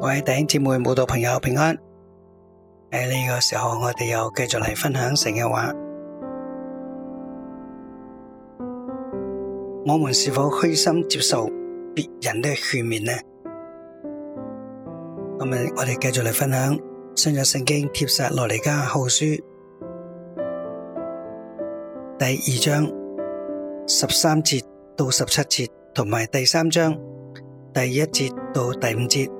各位弟兄姊妹、舞蹈朋友平安。喺、哎、呢、這個時候，我哋又繼續嚟分享聖經話：，我們是否虛心接受別人的勸勉呢？今日我哋繼續嚟分享新約聖經帖撒羅尼迦後書第二章十三節到十七節，同埋第三章第一節到第五節。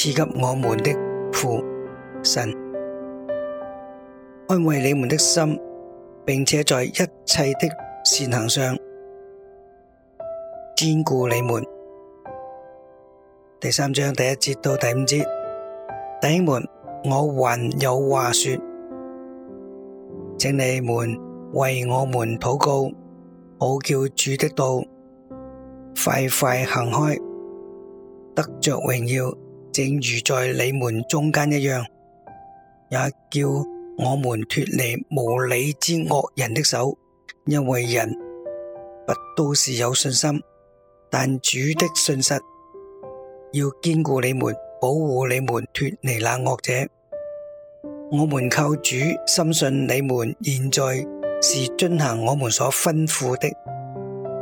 賜給我們的父神，安慰你們的心，並且在一切的善行上堅固你們。第三章第一節到第五節，弟兄們，我還有話說，請你們為我們禱告，好叫主的道快快行開，得着榮耀。正如在你們中間一樣，也叫我們脫離無理之惡人的手，因為人不都是有信心，但主的信實要堅固你們，保護你們脫離那惡者。我們靠主深信你們現在是遵行我們所吩咐的，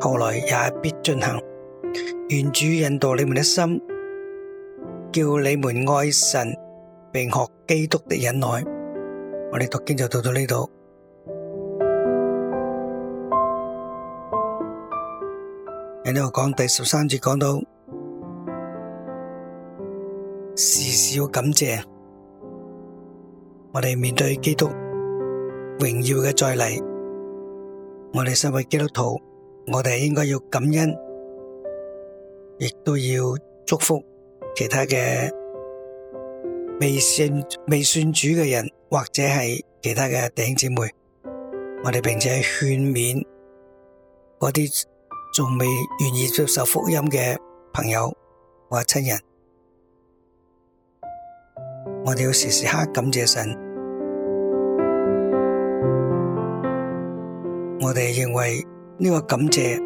後來也必遵行。願主引導你們的心。叫你們愛神，並學基督的忍耐。我哋讀經就讀到呢度。喺呢度講第十三節，講到時時要感謝。我哋面對基督榮耀嘅再嚟，我哋身為基督徒，我哋應該要感恩，亦都要祝福。其他嘅未信未信主嘅人，或者係其他嘅弟兄姊妹，我哋並且勸勉嗰啲仲未願意接受福音嘅朋友或親人，我哋要時時刻感謝神。我哋認為呢個感謝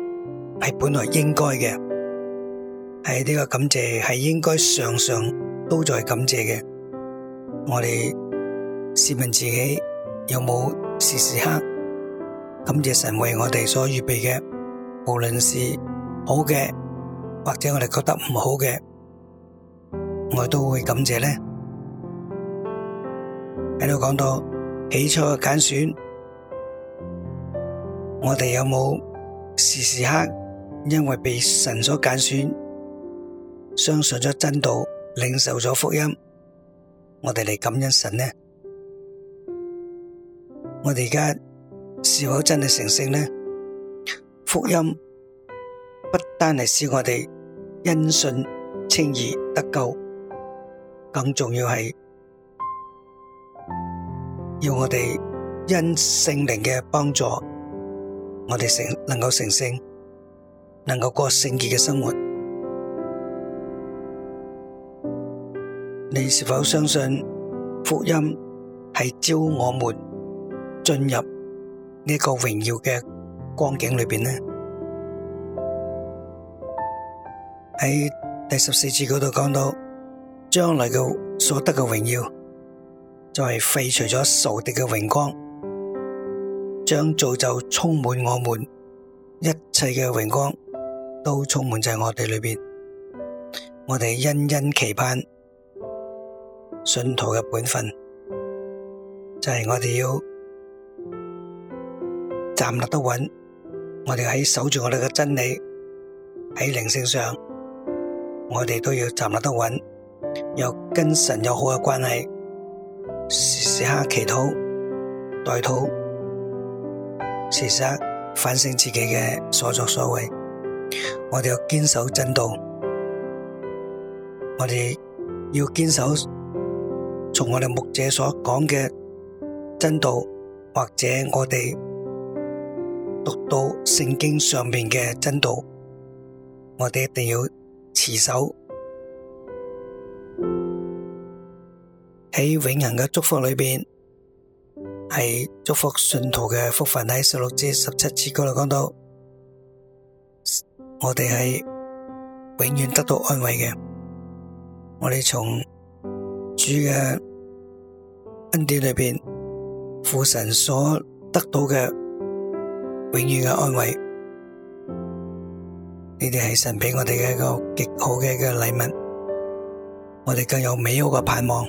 係本來應該嘅。係呢個感謝，係應該常常都在感謝嘅。我哋試問自己，有冇時時刻感謝神為我哋所預備嘅，無論是好嘅，或者我哋覺得唔好嘅，我都會感謝呢。喺度講到起初嘅揀選，我哋有冇時時刻因為被神所揀選？相信咗真道，領受咗福音，我哋嚟感恩神呢？我哋而家是否真係成聖呢？福音不單係使我哋因信稱義得救，更重要係要我哋因聖靈嘅幫助，我哋成能夠成聖，能夠過聖潔嘅生活。你是否相信福音係召我們進入呢個榮耀嘅光景裏邊呢？喺第十四節嗰度講到，將來嘅所得嘅榮耀，就係廢除咗仇敵嘅榮光，將造就充滿我們，一切嘅榮光都充滿在我哋裏邊。我哋殷殷期盼。信徒嘅本分就係、是、我哋要站立得穩，我哋喺守住我哋嘅真理，喺靈性上我哋都要站立得穩，有跟神有好嘅關係，時時刻祈禱、代禱，時時刻反省自己嘅所作所為，我哋要堅守正道，我哋要堅守。從我哋牧者所講嘅真道，或者我哋讀到聖經上面嘅真道，我哋一定要持守喺，永恒嘅祝福裏邊，係祝福信徒嘅福份喺十六至十七節嗰度講到，我哋係永遠得到安慰嘅。我哋從主嘅恩典裏邊，父神所得到嘅永遠嘅安慰，呢啲係神俾我哋嘅一個極好嘅一個禮物，我哋更有美好嘅盼望。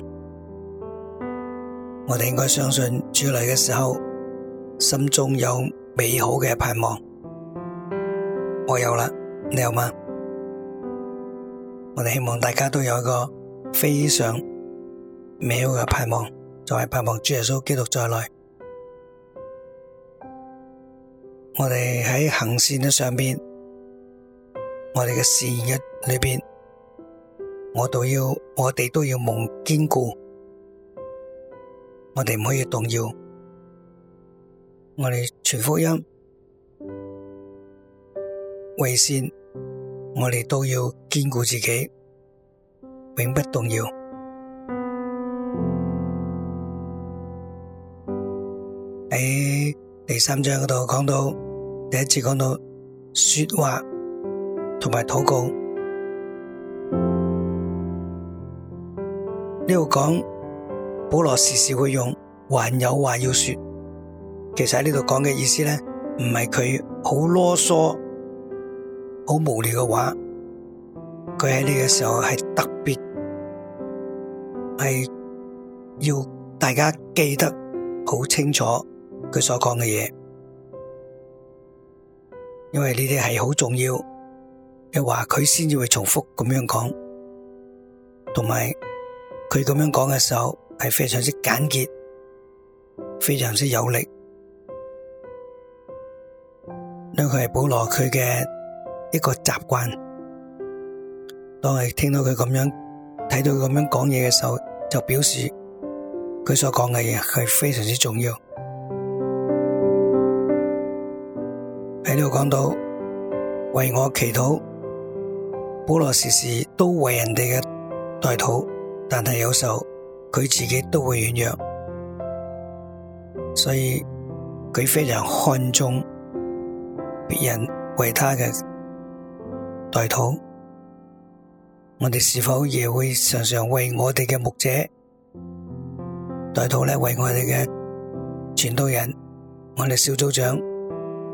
我哋應該相信主嚟嘅時候，心中有美好嘅盼望。我有啦，你有嗎？我哋希望大家都有一個非常美好嘅盼望。就係盼望主耶穌基督再來，我哋喺行善嘅上邊，我哋嘅善日裏邊，我都要我哋都要蒙堅固，我哋唔可以動搖，我哋傳福音為善，我哋都要堅固自己，永不動搖。三章嗰度講到，第一次講到，說話同埋禱告。呢度講，保羅時時會用，還有話要說。其實喺呢度講嘅意思咧，唔係佢好囉嗦、好無聊嘅話，佢喺呢個時候係特別，係要大家記得好清楚。佢所講嘅嘢，因為呢啲係好重要，嘅話佢先至會重複咁樣講，同埋佢咁樣講嘅時候係非常之簡潔，非常之有力。因為佢係保羅佢嘅一個習慣，當係聽到佢咁樣睇到佢咁樣講嘢嘅時候，就表示佢所講嘅嘢係非常之重要。喺度講到為我祈禱，保羅時時都為人哋嘅代禱，但係有時候佢自己都會軟弱，所以佢非常看重別人為他嘅代禱。我哋是否也會常常為我哋嘅牧者代禱咧？為我哋嘅傳道人，我哋小組長。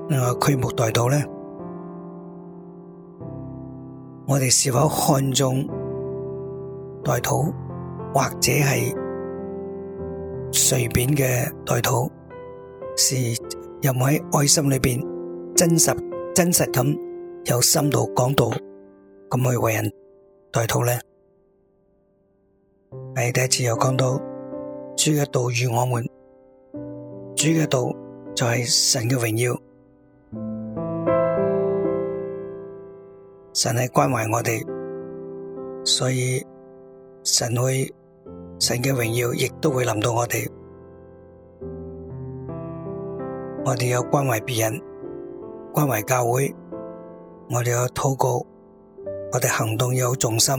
另外，屈膝代禱呢？我哋是否看中代禱，或者係隨便嘅代禱，是有冇喺愛心裏邊真實、真實咁有深度講道咁去為人代禱呢？誒，第一次又講到主嘅道與我們，主嘅道就係神嘅榮耀。神係關懷我哋，所以神會神嘅榮耀亦都會臨到我哋。我哋有關懷別人，關懷教會，我哋有禱告，我哋行動要有重心。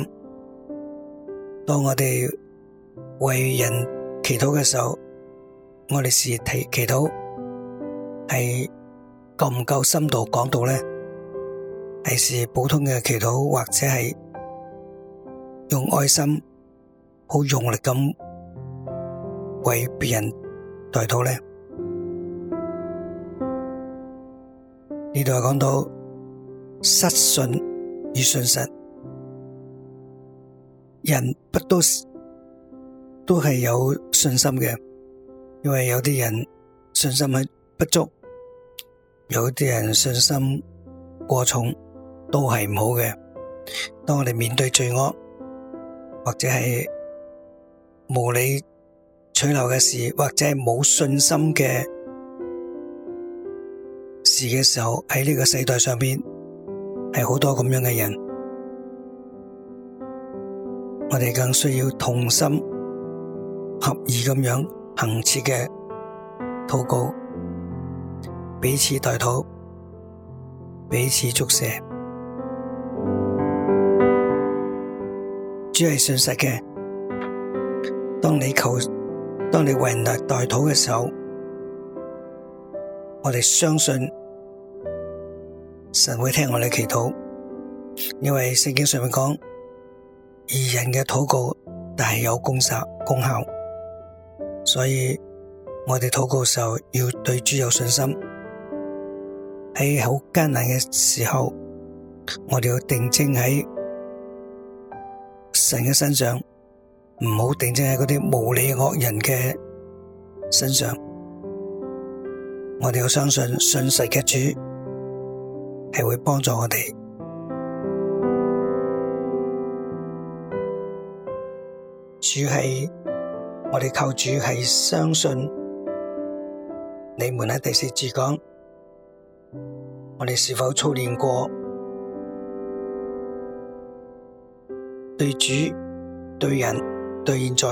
當我哋為人祈禱嘅時候，我哋是提祈禱係夠唔夠深度講到呢？還是普通嘅祈禱，或者係用愛心好用力咁為別人代禱呢？呢度係講到失信與信實，人不都都係有信心嘅？因為有啲人信心係不足，有啲人信心過重。都係唔好嘅。當我哋面對罪惡，或者係無理取鬧嘅事，或者係冇信心嘅事嘅時候，喺呢個世代上邊係好多咁樣嘅人。我哋更需要同心合意咁樣行切嘅禱告，彼此代禱，彼此祝謝。主係信實嘅。當你求，當你為人哋代禱嘅時候，我哋相信神會聽我哋祈禱，因為聖經上面講義人嘅禱告大有功效。所以我哋禱告嘅時候要對主有信心。喺好艱難嘅時候，我哋要定睛喺。神嘅身上，唔好定睛喺嗰啲無理惡人嘅身上。我哋要相信信實嘅主係會幫助我哋。主係我哋靠主係相信。你們喺第四節講，我哋是否操練過？對主，對人，對現在，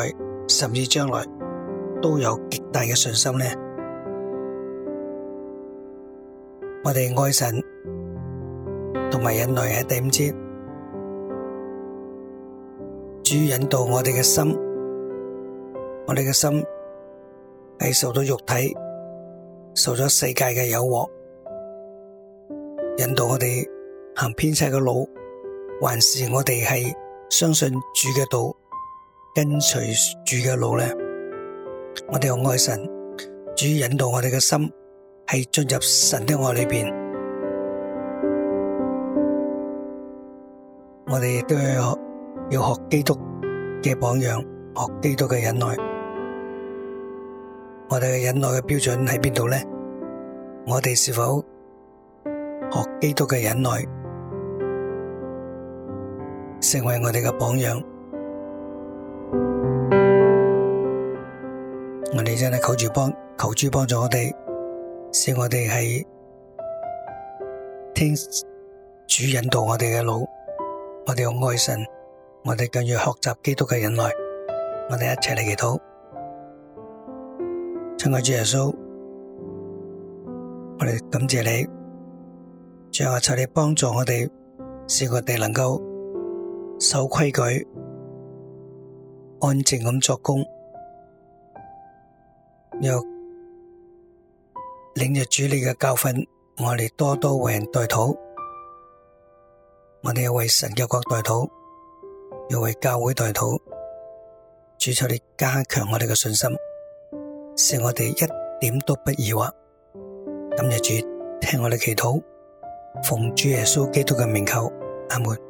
甚至將來，都有極大嘅信心呢，我哋愛神同埋人類係點知？主引導我哋嘅心，我哋嘅心係受到肉體、受咗世界嘅誘惑，引導我哋行偏差嘅路，還是我哋係？相信主嘅道，跟隨主嘅路咧。我哋要愛神，主引導我哋嘅心係進入神的愛裏邊。我哋亦都要學，要學基督嘅榜樣，學基督嘅忍耐。我哋嘅忍耐嘅標準喺邊度咧？我哋是否學基督嘅忍耐？成為我哋嘅榜樣，我哋真係求主幫求主幫助我哋，使我哋係天主引導我哋嘅路，我哋要愛神，我哋更要學習基督嘅忍耐，我哋一齊嚟祈禱。親愛主耶穌，我哋感謝你，最後求你幫助我哋，使我哋能夠。守規矩，安靜咁作工，若領着主你嘅教訓，我哋多多為人代禱，我哋又為神嘅國代禱，又為教會代禱。主求你加強我哋嘅信心，使我哋一點都不疑惑。今日主，聽我哋祈禱，奉主耶穌基督嘅名求，阿門。